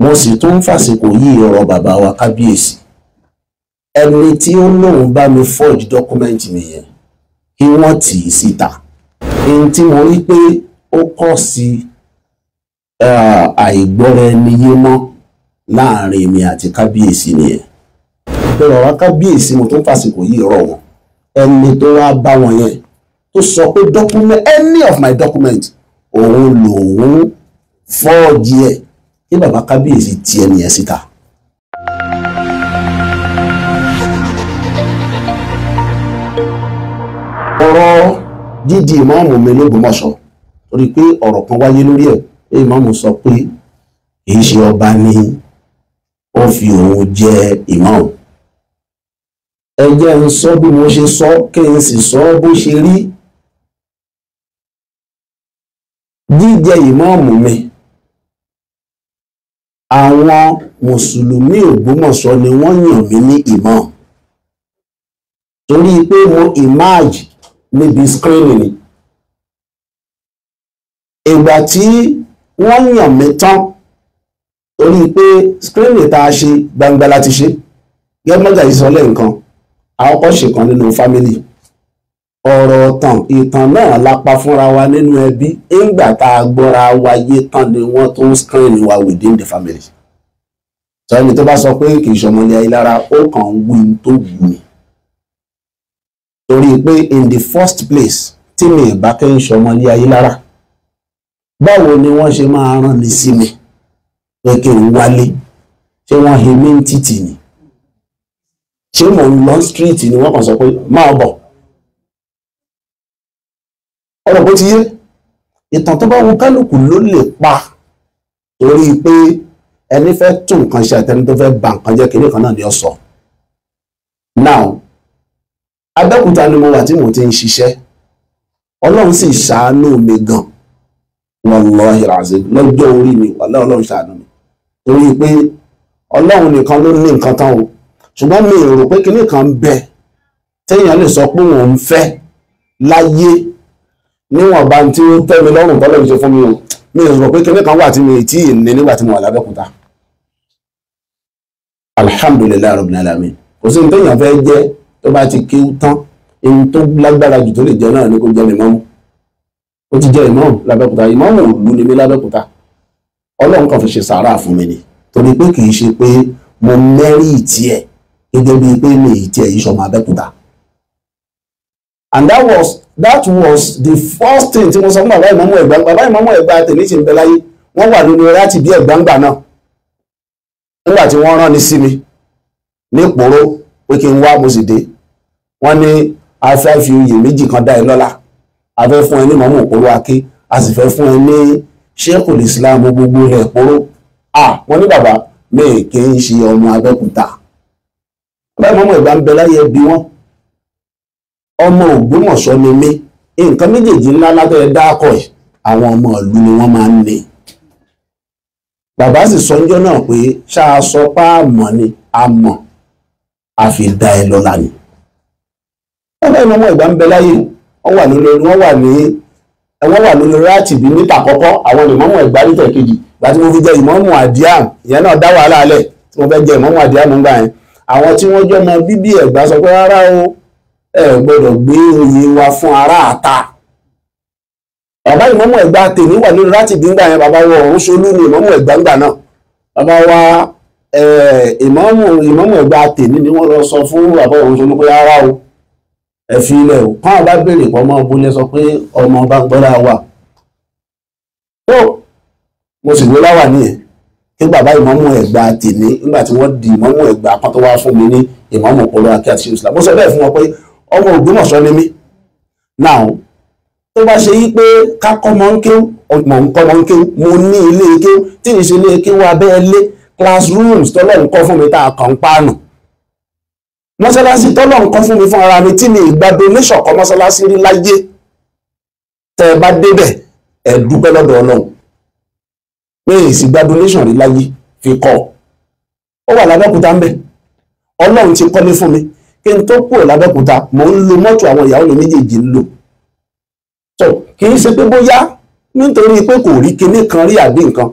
mo sì tún fàsìkò yí ọ̀rọ̀ bàbá wa kábíyèsí ẹni tí ó lóun bá mi forge document mi yẹn kí wọ́n tì í síta ohun tí mo rí pé ó kọ̀ sí àìgbọ́ra ẹni yé mọ́ láàrin mi àti kábíyèsí nìyẹn bẹ̀rẹ̀ ọ̀rọ̀ kábíyèsí mo tún fàsìkò yí ọ̀rọ̀ wọn ẹni tó wá bá wọn yẹn tó sọ pé document any of my document òun lòun fọ́ọ̀jì ẹ̀ kí bàbá kábíyèsí ti ẹni yẹn síta. ọ̀rọ̀ dídi ìmáàmù mi lÓgbómọ̀ṣọ́ torí pé ọ̀rọ̀ kan wáyé lórí ẹ̀ pé ìmáàmù sọ pé kì í ṣe ọba ni ó fi òun jẹ ìmáàmù ẹ jẹ́ ń sọ bí mo ṣe sọ kí n sì sọ bó ṣe rí jíjẹ ìmáàmù mi àwọn mùsùlùmí Ògbómọ̀ṣọ́ ni wọ́n yàn mí ní imam torí pé mo emerge níbi screening ni ìgbà tí wọ́n yàn mí tán torí pé screening tá a ṣe gbangba láti ṣe gẹ́gẹ́ mọ́jà yìí àwọn kọ́ ṣe kan nínú fámílì ọ̀rọ̀ ọ̀tàn ìtàn náà lápá fúnra wa nínú ẹbí ńgbà tá a gbọ́ra wa yé tán ni wọ́n tó ń screen wa within the family. sọ ẹni tó bá sọ pé kì í ṣọmọ ní Ayílára ó kàn ń wí tó wù mí. torí pé in the first place tí mi ì bá kẹ́yìn ṣọmọ ní Ayílára báwo ni wọ́n ṣe máa rán mi sí mi pé kí n wálé ṣé wọ́n he mí ń títì ni ṣé mò ń lọ street ni wọ́n kàn sọ pé máa bọ̀ ọ̀rọ̀ bó ti yé ìtàn tó bá wu kálukú ló lè pa torí pé ẹni fẹ́ tún nǹkan ṣe àtẹni tó fẹ́ ba nǹkan jẹ́ kínní kan náà ni ó sọ now Abẹ́òkúta ni mo wà tí mo ti ń ṣiṣẹ́ Ọlọ́run sì ṣàánú mi gan wallahi razim lọ́jọ́ orí mi wallahi Ọlọ́run ṣàánú mi torí pé Ọlọ́run nìkan ló ní nǹkan tán o ṣùgbọ́n mi rò pé kínní kan bẹ téèyàn lè sọ pé òun fẹ́ láyé níwọ̀n bá tí ó tẹ́ mi lọ́rùn tọ́lọ̀ ṣe fún mi o mi ò rò pé kíní kan wà tí mi tí ì ní nígbà tí mo wà lábẹ́kúta. alhamdulilayi rabbil alamin kò sí ní téèyàn fẹ́ jẹ́ tó bá ti kí ó tán ohun tó lágbára jù tó lè jẹ́ náà ni kò jẹ́ ìmọ̀mù ó ti jẹ́ ìmọ̀mù lábẹ́kúta ìmọ̀mù òlu ni mi lábẹ́kúta ọlọ́run kan fi ṣe sàárà fún mi ni torí pé kì í ṣe pé mo mẹ́rìtì ẹ̀ gẹ́gẹ́ bíi pé mi ì tiẹ̀ yìí sọmọ abẹ́kúta and that was that was the first thing tí mo sọ fún bàbá ìmọ̀mú ẹ̀gbá bàbá ìmọ̀mú ẹ̀gbá tèmi ti ń bẹ láyé wọ́n wà nínú láti bí ẹ̀gbáǹgbà náà nígbà tí wọ́n rán ni sí mi ní ìpòró pé kí n wá mo sì dé wọ́n ní afẹ́ fi oyè méjì kan dá ẹ lọ́lá afẹ́ fún ẹ ní mọ̀mú ìpòró aké a sì fẹ́ fún ẹ ní Sheikhul Islam gbogbo rẹ̀ ìpòró à wọ́n ní bàbá mi kì í ṣe ọmọ Abẹ́òkúta bàbá ìmọ̀mú ẹ̀gbá ń bẹ láyé bí wọ́n ọmọ Ògbómọ̀ṣọ́ ni mí nǹkan méjèèjì ńlá látọ̀rẹ́ dákọ̀ ẹ̀ àwọn ọmọ ìlú ni wọ́n máa ń ní bàbá sì sọ níjọ́ náà pé ṣáà sọ pá àmọ́ ni àmọ́ àfi dá ẹ lọ́la ni wọ́n bẹ́ẹ̀ ni ọmọ ìgbà ń bẹ láyé wọ́n wà lórí wọ́n wà ní wọ́n wà lórí ráàtì bíi mítà kọ́kọ́ àwọn ìmọ̀mù ẹ̀gbá níta kejì láti mo fi jẹ ìmọ̀mù àdíàm ìyẹn náà dá wàhálà alẹ̀ tí mo fẹ́ jẹ ìmọ̀mù àdíàm ńgbà yẹn àwọn tí wọ́n jọ mọ bíbí ẹ̀gbá sọ pé rárá o ẹ ò gbọ́dọ̀ gbé oyè wa fún aráàta bàbá ìmọ̀mọ̀ ẹ̀gbá tèmi wà lórí láti gbígbà yẹn bàbá wọ ọ̀hún ṣolú ni ìmọ̀mọ̀ ẹ̀gbàǹgbà náà bàbá wa ìmọ̀mọ̀ ìmọ̀mọ̀ ẹ̀gbá tèmi ni wọ́n lọ sọ fún bàbá ọ̀hún ṣolú pé rárá o ẹ fi ilẹ̀ o kọ́ ọ bá pọ̀ mọ́ ọbúlé sọ pé ọmọ bá wà tó mo sì nìyẹn bàbá ìmọ̀mọ̀ ọmọ Ògbómọ̀ṣọ́ ni mí now tó bá ṣe yí pé kákọ́ mọ́ ń kéwú ọmọ nǹkan mọ́ ń kéwú mo ní ilé kéwú tí ìṣe ilé kéwú abẹ́ẹ́lé classrooms tọ́lọ̀ ń kọ́ fún mi tá a kàn ń paánù mọ́ṣáláṣí tọ́lọ̀ ń kọ́ fún mi fún ara mi tí mi ìgbà donation kọ́ mọ́ṣáláṣí rí láyé tẹ́ ẹ bá débẹ̀ ẹ dúpẹ́ lọ́dọ̀ Ọlọ́run pé èsì gba donation rí láyé fi kọ́ ọ wà lábẹ́kúta ń bẹ̀ Ọlọ́run ti kọ́lé fún mi kí n tó kúrò lábẹ́kúta mò ń lo mọ́tò àwọn ìyàwó mi méjèèjì ń lò tó kì í ṣe pé bóyá nítorí pé kò rí kinní kan rí àbí nǹkan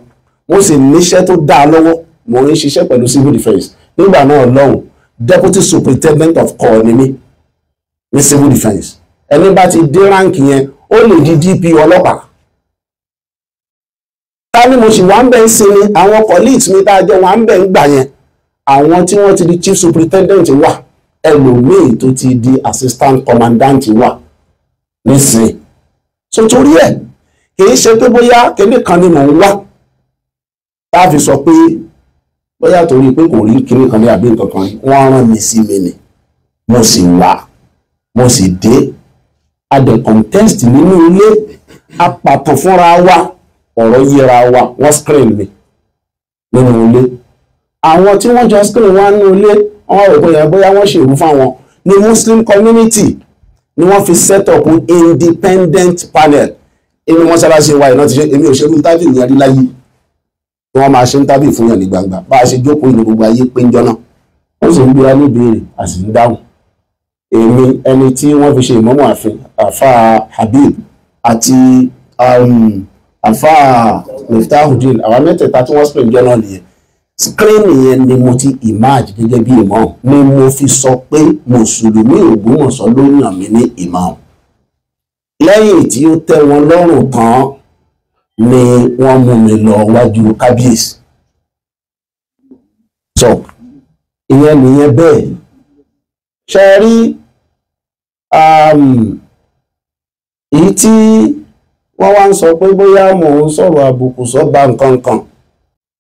mo sì níṣẹ́ tó dáa lọ́wọ́ mo ń ṣiṣẹ́ pẹ̀lú civil defence nígbà náà lọ́hùn deputy superintendent of corps ni mí ní civil defence ẹni bá ti dé ráǹkì yẹn ó lè di dp ọlọ́pàá ta ni mo sì wá ń bẹ̀ ń sinmi àwọn colleagues mi tá a jẹ́ wá ń bẹ̀ ń gbà yẹn àwọn tí wọ́n ti di chief superintendent wà ẹlòmíì tó ti di assistant commandant wà nísìnyí so torí ẹ̀ kìí ṣe pé bóyá kinní kan ni mò ń wá tá a fi sọ pé bóyá torí pé kò rí kinní kan ní àbí nǹkan kan wọ́n rán mi sí mi ni mo sì wá mo sì dé a dẹ̀ contest nínú ilé a pàtàn fúnra wa ọ̀rọ̀ yẹra wa wọ́n screen mi nínú ilé àwọn tí wọ́n jọ screen wa nínú ilé wọ́n rò pé bóyá wọ́n ṣèrú fáwọn ní muslim community ni wọ́n fi set up an independent panel inú mọ́ṣáláṣí wa iná ti ṣe èmi ò ṣerú tábì ní adíláyé tí wọ́n máa ṣe ń tábì fún yàn ní gbangba bá a ṣe jókòó inú gbogbo ayé péjọ náà wọ́n sì ń gbéra níbèrè a sì ń dáhùn èmi ẹni tí wọ́n fi ṣe ìmọ̀mọ́ àfin àfa habib àti um, àfa miftahudeen àwọn mẹ́tẹ̀ẹ̀ta tí wọ́n spè ń náà nìyẹn skrini yẹn ni mo ti emerge gẹ́gẹ́ bí imam ni mo fi sọ pé mùsùlùmí Ògbómọ̀ṣọ́ ló yàn mí ní imam lẹ́yìn tí ó tẹ́ wọn lọ́rùn tán ni wọ́n mú mi lọ wájú kábíyèsí sọ ìyẹn nìyẹn bẹ́ẹ̀ ṣe rí um, èyí tí wọ́n wá ń sọ pé bóyá mò ń sọ̀rọ̀ àbùkù sọ́ba nǹkan kan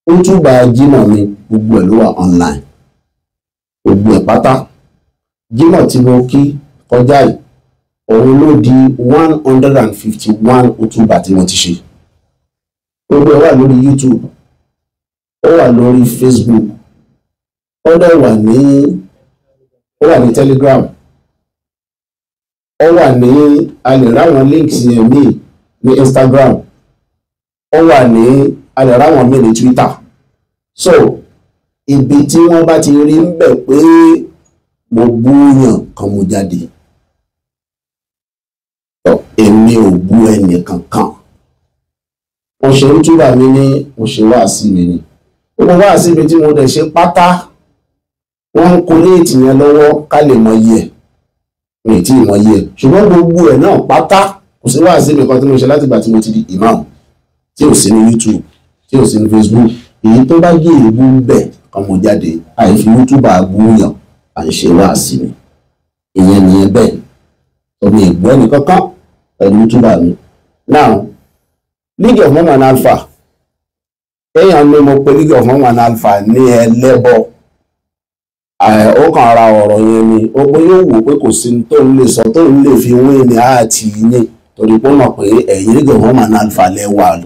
ó tún gba jimoh ni gbogbo ẹ̀ ló wà online gbogbo ẹ̀ pátá jimoh tí mo kí kọjá yìí òun ló di one hundred and fifty one otuba tí mo ti ṣe gbogbo ẹ̀ wà lórí youtube ó wà lórí facebook ó dẹ̀ wà ní ó wà ní telegram ó wà ní a lè ráwọn links yẹn míì ní instagram ó wà ní a lè ráwọn míì ní Twitter so ibi tí wọ́n bá ti rí ń bẹ̀ pé mo búyàn kan mo jáde èmi ò bú ẹnì kankan mo ṣe ń túbà mi ní mo ṣe wáàsí mi ni gbogbo wáàsí mi tí mo dẹ̀ ṣe pátá wọ́n ń kó léètì yẹn lọ́wọ́ ká lè mọ iye mi ì tí ì mọ iye ṣùgbọ́n gbogbo ẹ̀ náà pátá kò sí wáàsí mi kan tí mo ṣe látìgbà tí mo ti di imam tí ò sí ní YouTube tí ò sí ní Facebook èyí tó bá gé èébú ń bẹ̀ ọmọ jáde àìfi youtube gbúyàn à ń ṣe wá sí mi ìyẹn nìyẹn bẹ́ẹ̀ ọmọ ìgbọ́ ni kankan pẹ̀lú yútúbà mi now league of mormon alpha èèyàn ní pe league of mormon alpha ní ẹlẹ́bọ ó kàn ra ni ó pé yóò wò pé kò sí tó ń lè sọ tó ń lè fi ni àti yín torí pé ó mọ̀ pé league of alpha lẹ́wà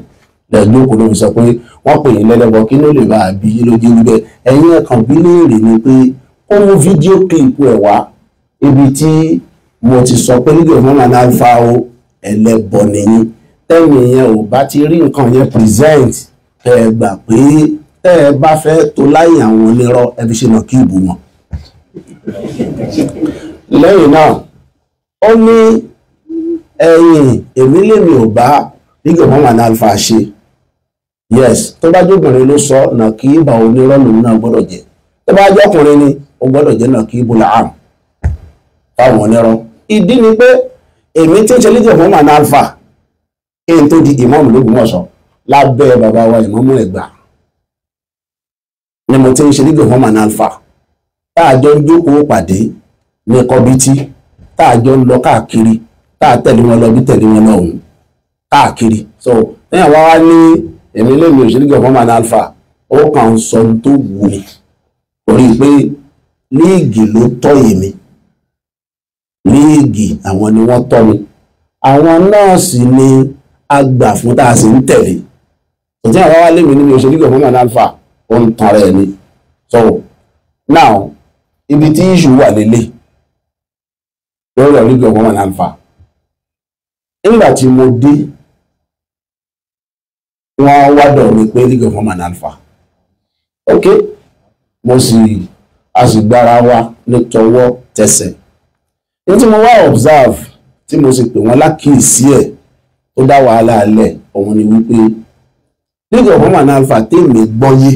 lẹ́gbọ́kùn ló fi sọ pé wọ́n pè yín lẹ́lẹ́bọ kí ló lè bá bí yín lójú wíbẹ̀ ẹ̀yin ẹ̀kan bí léèrè ni pé ó mú fídíò kílípù ẹ̀ wá ibi tí mo ti sọ pé nígbà fún wọn náà fa o ẹlẹ́bọ nìyí tẹ́yìn yẹn ò bá ti rí nǹkan yẹn present tẹ́ ẹ gbà pé tẹ́ ẹ bá fẹ́ tó láyé àwọn onírọ́ ẹ fi ṣe nà kí ìbò wọn. lẹ́yìn náà ó ní ẹ̀yìn èmi lèmi ò bá nígbà fún wọn náà fa ṣe yes tó bá jóbìnrin ló sọ nàkíbà onírọ́ lòun náà gbọ́dọ̀ jẹ́ tó bá jọkùnrin ni ó gbọ́dọ̀ jẹ́ nàkíbù làám fáwọn onírọ́ ìdí ni pé èmi tí ń ṣe lédè fún màá náà fà èyí tó di ìmáàmù l'Ógbómọ̀ṣọ́ lábẹ́ bàbá wa ìmáàmù Ẹ̀gbá ni mo ti ń ṣe lédè fún màá náà fà tá a jọ ń jókòó pàdé ní kọbítí tá a jọ ń lọ káàkiri tá a tẹ̀lé wọn lọ bí tẹ̀lé wọn lọ òun káàkiri so ẹ̀yàn wá wá ní èmi lèmi òṣèlúgẹ fọmà ní alfa ó kàn ń sọ tó wù mí orí pé líìgì ló tọ́ èmi líìgì àwọn ni wọ́n tọ́ mi àwọn nọ́ọ̀sì ni a gbà fún tá a sì ń tẹ̀lé ìdí àwọn wá lèmi níbi òṣèlúgẹ fọmà ní alfa ó ń tan rẹ̀ ni so now ibi tí ìṣù wà lélẹ̀ lórí òṣèlúgẹ fọmà ní alfa nígbà tí mo dé wọ́n wádọ̀ mi pé league of women alpha ok mo sì a sì gbára wa ní tọwọ́ tẹsẹ̀ ní tí mo wá observe tí mo sì pè wọ́n lákìísí ẹ̀ tó dá wàhálà alẹ̀ òun ni wípé league of women alpha tèmi gbọ́yé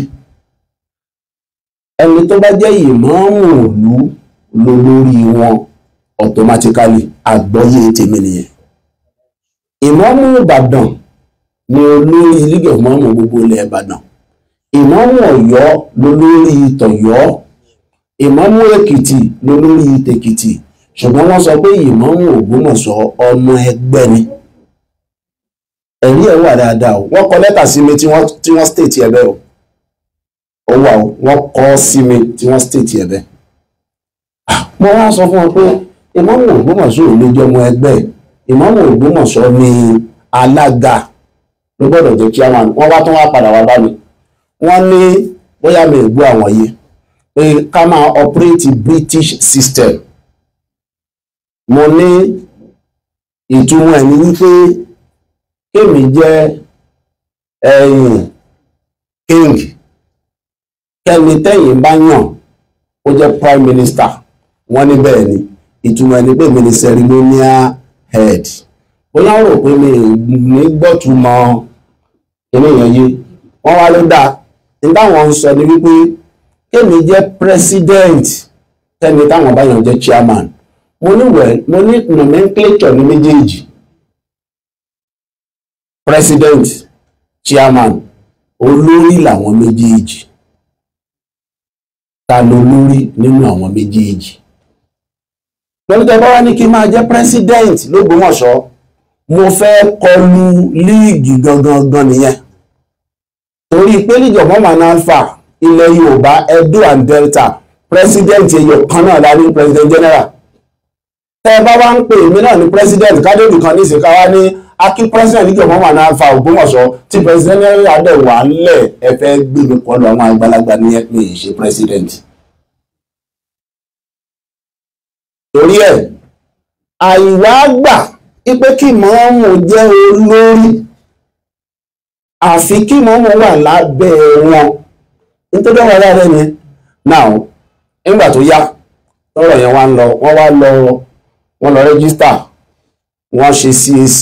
ẹni tó bá jẹ́ ìmọ̀ọ́mù òlú lólórí wọn automatically àgbọ́yé tèmi nìyẹn ìmọ̀ọ́mù Ìbàdàn ni olórí league of mọ́mọ́ gbogbo ilẹ̀ ìbàdàn ìmáàmù ọ̀yọ́ lolórí tọ̀yọ́ ìmáàmù èkìtì lolórí tèkìtì ṣùgbọ́n wọ́n sọ pé ìmáàmù ògbómọ̀ṣọ́ ọmọ ẹgbẹ́ ni ẹ̀rí ẹ̀ wà dáadáa o wọ́n kọ lẹ́tà sí mi tí wọ́n stéètì ẹ̀ bẹ́ẹ̀ o ó wà wọ́n kọ sí mi tí wọ́n stéètì ẹ̀ bẹ́ẹ̀ ah, mo wá sọ fún wọn pé ìmáàmù ògbómọ̀ṣọ́ ò lè ọmọ ẹgbẹ́ ìmáàmù ògbómọ̀ṣọ́ ni alága ló gbọ́dọ̀ jẹ́ chairman wọ́n wá tún wá padà wá bá mi wọ́n ní bóyá mi ò gbọ́ àwọn yìí pé ká máa operate British system mo ní ìtumọ̀ ẹ̀ ní wípé kémi jẹ́ ẹ̀yìn king kẹ́ni tẹ́yìn bá yàn ó jẹ́ prime minister wọ́n ní bẹ́ẹ̀ ni ìtumọ̀ ẹ̀ ní pé mi ni ceremonial head ó láwọn rò pé mi ní gbọ́túmọ̀ kíní yẹn yé wọ́n wá ló dáa ní táwọn ń sọ ni wípé kémi jẹ́ president tẹ́ni táwọn báyọ̀ jẹ́ chairman mo ní wẹ̀ mo ní nomenclature ní méjèèjì president chairman olórí làwọn méjèèjì ta lolórí nínú àwọn méjèèjì lọ́dún tẹ́ bá wá ní kí n máa jẹ́ president lógbómọ̀ṣọ́ mo fẹ́ kọlu líìgì gangan gan nìyẹn torí pé league of women and fa ilẹ̀ yorùbá edo and delta president èèyàn kan náà la ní president general tẹ́ ẹ bá wá ń pè mí náà ní president kádébì kan níṣẹ́ ká ní akí president league of women and fa ògbómọ̀ṣọ́ tí president general dẹ̀ wà ń lẹ̀ ẹ fẹ́ gbé mi kọlu àwọn àgbàlagbà nìyẹn pé ìṣe president. torí ẹ̀ àìwá gbà ipe kí mọ́mù jẹ́ olórí àfi kí mọ́mù wà lábẹ́ wọn nítorí ọ̀rọ̀ ara rẹ̀ yẹn náà nígbà tó yá lọ́rọ̀ yẹn wá ń lọ wọ́n wá lọ wọ́n lọ rẹ́gísítà wọ́n ṣe CAC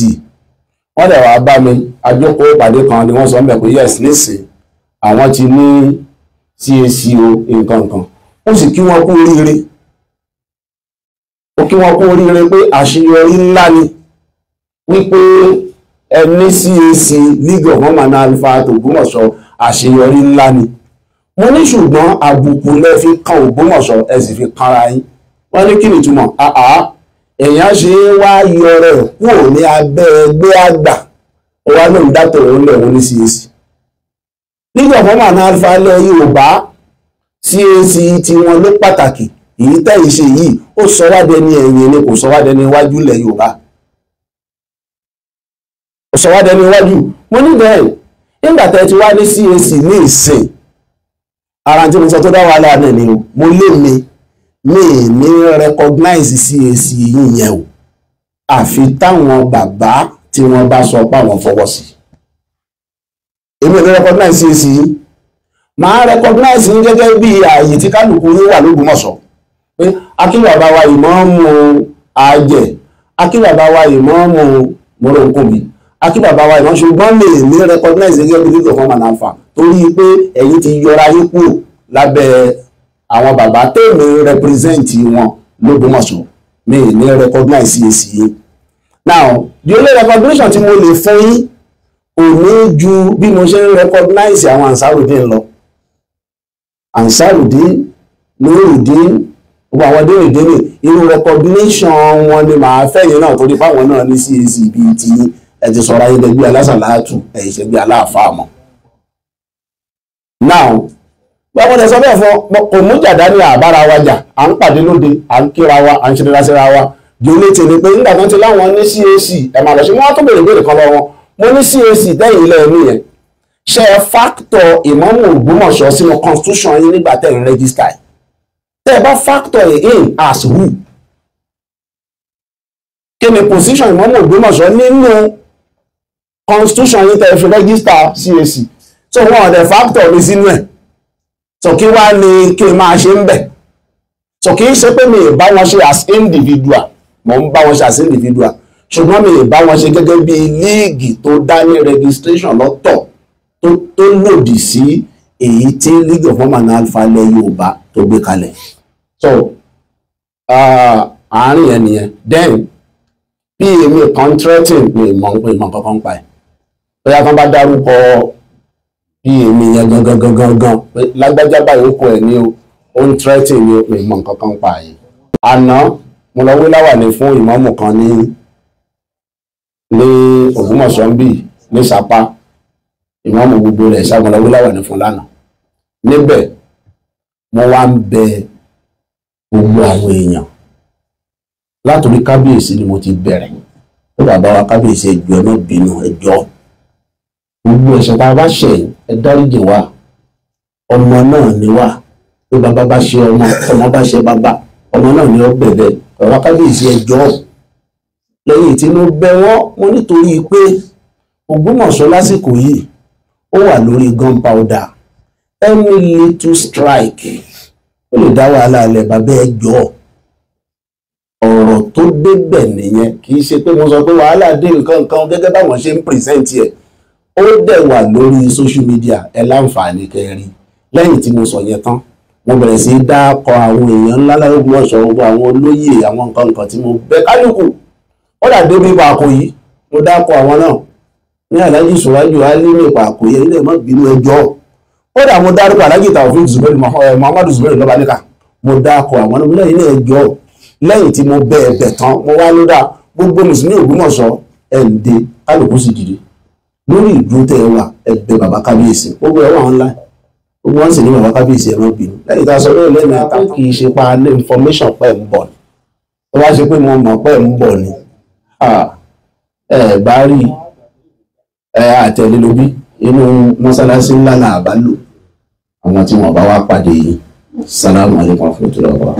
wọ́n dẹ̀ wá bá mi àjókòó ìpàdé kan ni wọ́n sọ ń bẹ̀ pé yes nísìn àwọn ti ní CAC o nǹkan kan ó sì kí wọ́n kú oríire ó kí wọ́n kú oríire pé àṣeyọrí ńlá ni wípé ẹni CAC league of women alpha tògbómọ̀ṣọ́ àṣeyọrí ńlá ni mo ní ṣùgbọ́n àbùkù lẹ fi kan ògbómọ̀ṣọ́ ẹ sì fi kanra yín wọ́n ní kí ni túmọ̀ àá èèyàn ṣe é wá yọ rẹ̀ kúrò ní abẹ́ ẹgbẹ́ àgbà ọwọ́ náà ń dátọ̀ òun lẹ̀ wọ́n ní CAC league of women alpha lẹ Yorùbá CAC tiwọn ló pàtàkì èyí tẹ̀yìn ṣe yìí ó sọ wá dẹni ẹ̀yìn ni kò sọ wá dẹni iwájú ilẹ̀ Yorùbá ọ̀sọ̀wádẹ́ ní iwájú mo ní bẹ́ẹ̀ nígbà tẹ́ ti wá ní CAC ní ìsìn ara tí mo sọ tó dá wàhálà náà ni mo lé mi mi ní recognize CAC yìí yẹn o àfi táwọn bàbá tí wọ́n bá sọ páwọn fọwọ́ sí èmi ò ní recognize CAC yìí màá recognize yín gẹ́gẹ́ bí ààyè tí kálukú yín wà lógbómọ̀ṣọ́ pé akínbàbá wa ìmọ̀ọ́mù àjẹ akínbàbá wa ìmọ̀ọ́mù mọ́rọ̀ǹkùnmi akíbàbá wa ìránṣẹ́ ṣùgbọ́n lè ní recognize gẹ́gẹ́ bí fífò kan mànàfà torí pé ẹ̀yin ti yọra yín kúrò lábẹ́ àwọn bàbá tèmi represent wọn lógbómọ̀ṣọ́ mi ní recognize CAC yín now the only recognition tí mo lè fún yín ò ní ju bí mo ṣe ń recognize àwọn ansarudin lọ ansarudin nurudin gbogbo àwọn dénìdénì irú recognition wọn ni màá fẹ́yìn náà torí fáwọn náà ní CAC bíi tiyín ẹ ti sọ̀rọ̀ ayé dẹgbẹ́ alásàlátù ẹ̀ ìṣẹ́gbẹ́ aláàfáà mọ́. now báwo ni ẹ sọ bẹ́ẹ̀ fọ kò mú jàdá ní àbára wa jà à ń pàdé lóde à ń kíra wa à ń ṣe dáraṣẹ́ra wa jòlè tèmi pé nígbà tó ti láwọn ní CAC ẹ̀ máa lọ sí wọn tó béèrè béèrè kan lọ́wọ́ mo ní CAC tẹ́yìn ilé ẹ̀mí yẹn ṣe fáktọ̀ ìmáàmù Ògbómọ̀ṣọ́ sínú constitution yín nígbà tẹ̀ ń rẹ́gísítà yìí tẹ́ ẹ bá fáktọ̀ yìí in as who kí ni position ìmáàmù Ògbómọ̀ṣọ́ nínú constitution yìí tẹ̀ fi rẹ́gísítà CAC so wọn ọ̀dẹ̀ factor mi sínú ẹ̀ so kí wá ní kí n máa ṣe ń bẹ̀ so kì í ṣe pé mi ì bá wọn ṣe as individual mo ń bá wọn ṣe as individual ṣùgbọ́n mi ì bá wọn ṣe gẹ́gẹ́ bí líìgì tó dá ní registration lọ́tọ̀ tó lòdì sí èyí tí league of women alpha ilẹ̀ Yorùbá tó gbé kalẹ̀ so àárín yẹn nìyẹn then bí èmi kan threatening pé ìmọ̀ nǹkan kan pa ẹ̀ bóyá kán bá dárúkọ bí èmi yẹn gangan gangan gan lágbájá báyìí ń kọ ẹ̀ ní o ó ń tírẹ́tì ní o ìmọ̀ nǹkan kan pa yìí àná mo lọ wí láwàní fún ìmáàmù kan ní ní Ògbómọ̀ṣọ́ ń ní Sapa ìmáàmù gbogbo rẹ̀ ṣá mo lọ wí láwàní fún lánàá níbẹ̀ mo wá ń bẹ gbogbo àwọn èèyàn látòrí kábíyèsí ni mo ti bẹ̀rẹ̀ ó bàbá wa kábíyèsí ẹjọ́ ẹ bínú ẹjọ́ gbogbo ẹ̀ṣẹ̀ tá a bá ṣẹ̀ ẹ dáríjì wa ọmọ náà ni wá pé bàbá bá ṣe ọmọ ọmọ bá ṣe bàbá ọmọ náà ni ó bẹ̀bẹ̀ ọ̀rọ̀ kábíyèsí ẹjọ́ lẹ́yìn tí mo bẹ̀ wọ́n mo nítorí pé Ògbómọ̀ṣọ́ lásìkò yìí ó wà lórí gunpowder any little strike ó lè dá wàhálà alẹ́ bàbá ẹjọ́ ọ̀rọ̀ tó débẹ̀ nìyẹn kì í ṣe pé mo sọ pé wàhálà dé nǹkan kan gẹ́gẹ́ báwọn ṣe ń pìrìsẹ́ǹtì ẹ̀ ó dẹ̀ wà lórí social media ẹ láǹfààní kẹrin lẹ́yìn tí mo sọ yẹn tán mo bẹ̀rẹ̀ sí kọ àwọn èèyàn ńlá ọ̀ṣọ́ gbogbo àwọn olóyè àwọn nǹkan nǹkan tí mo bẹ kálukú ó mo dá kọ àwọn náà ní aláàjì yẹn ilé ẹjọ́ ó dà mo dárúkọ aláàjì eh, Muhammadu mo dá kọ àwọn náà ilé ẹjọ́ lẹ́yìn tí mo bẹ tán mo gbogbo mùsùlùmí Ògbómọ̀ṣọ́ kálukú sì lórí ìdúró tẹ ẹ wà ẹgbẹ bàbá kábíyèsí gbogbo ẹ wà ńlá gbogbo wọn sì ní bàbá kábíyèsí ẹ má bínú lẹ́yìn tá a sọ lórí lẹ́nu ata kì í ṣe pa ní information pẹ ń bọ̀ ni tó bá ṣe pé mo mọ̀ pẹ ń bọ̀ ni ẹ bá rí ẹ àtẹlẹ lóbi inú mọ́sálásí ńlá là bá lò àwọn tí wọ́n bá wá pàdé yìí sálámù alẹ́kùn fún ìtura ọba.